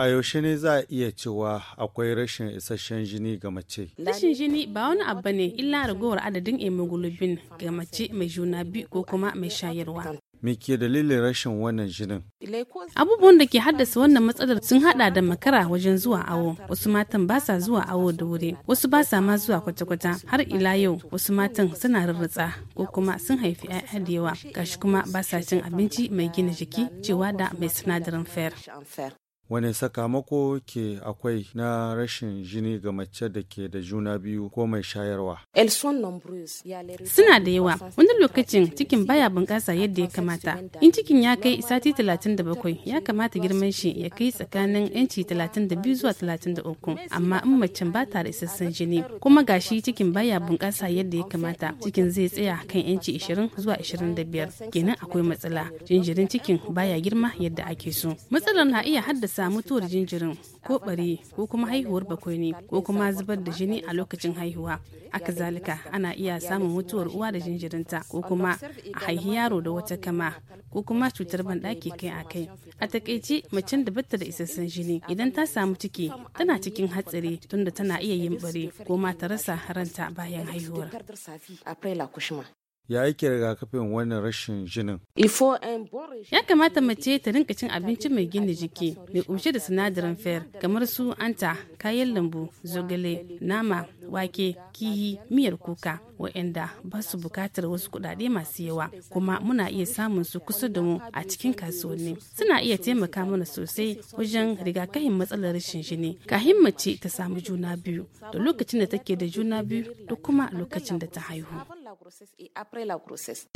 A yaushe ne za a iya cewa akwai rashin isasshen jini ga mace? Rashin jini ba wani abu ne illa ragowar adadin hemoglobin ga mace mai juna biyu ko kuma mai shayarwa. Me ke dalilin rashin wannan jinin? Abubuwan da ke haddasa wannan matsalar sun hada da makara wajen zuwa awo, wasu matan ba sa zuwa awo da wuri, wasu ba sa ma zuwa kwata-kwata har ila yau wasu matan suna rarratsa ko kuma sun haifi 'ya'ya da yawa, gashi kuma ba sa cin abinci mai gina jiki cewa da mai sinadarin fer. Wani sakamako ke akwai na rashin jini ga mace da ke da juna biyu ko mai shayarwa? Suna da yawa, wani lokacin cikin baya bunƙasa yadda ya kamata. In cikin ya kai sati 37 ya kamata girman shi ya kai tsakanin yanci 32 zuwa 33, amma in mace ba ta da isassun jini, kuma gashi cikin baya bunƙasa yadda ya kamata, cikin zai tsaya kan yanci 20 zuwa 25, kenan akwai matsala. Jinjirin cikin baya girma yadda ake so. Matsalar na iya haddasa samu mutuwar jinjirin ko bari ko kuma haihuwar bakwai ne, ko kuma zubar da jini a lokacin haihuwa aka zalika ana iya samun mutuwar uwa da jinjirinta ko kuma a haihi yaro da wata kama ko kuma cutar banɗaki kai a kai a takaice macen da bata da isassun jini idan ta samu ciki tana cikin hatsari tunda tana iya yin bare ko ma ta rasa ranta bayan haihuwar ya yake rigakafin wannan rashin jinin. Ya kamata mace ta rinka cin abinci mai gina jiki mai kumshe da sinadarin fer kamar su anta, kayan lambu, zogale, nama, wake, kihi, miyar kuka waɗanda ba su bukatar wasu kuɗaɗe masu yawa kuma muna iya samun su kusa da mu a cikin kasuwanni. Suna iya taimaka mana sosai wajen rigakafin matsalar rashin jini. Kahin mace ta samu juna biyu da lokacin da take da juna biyu da kuma lokacin da ta haihu. cruces y apre la cruces.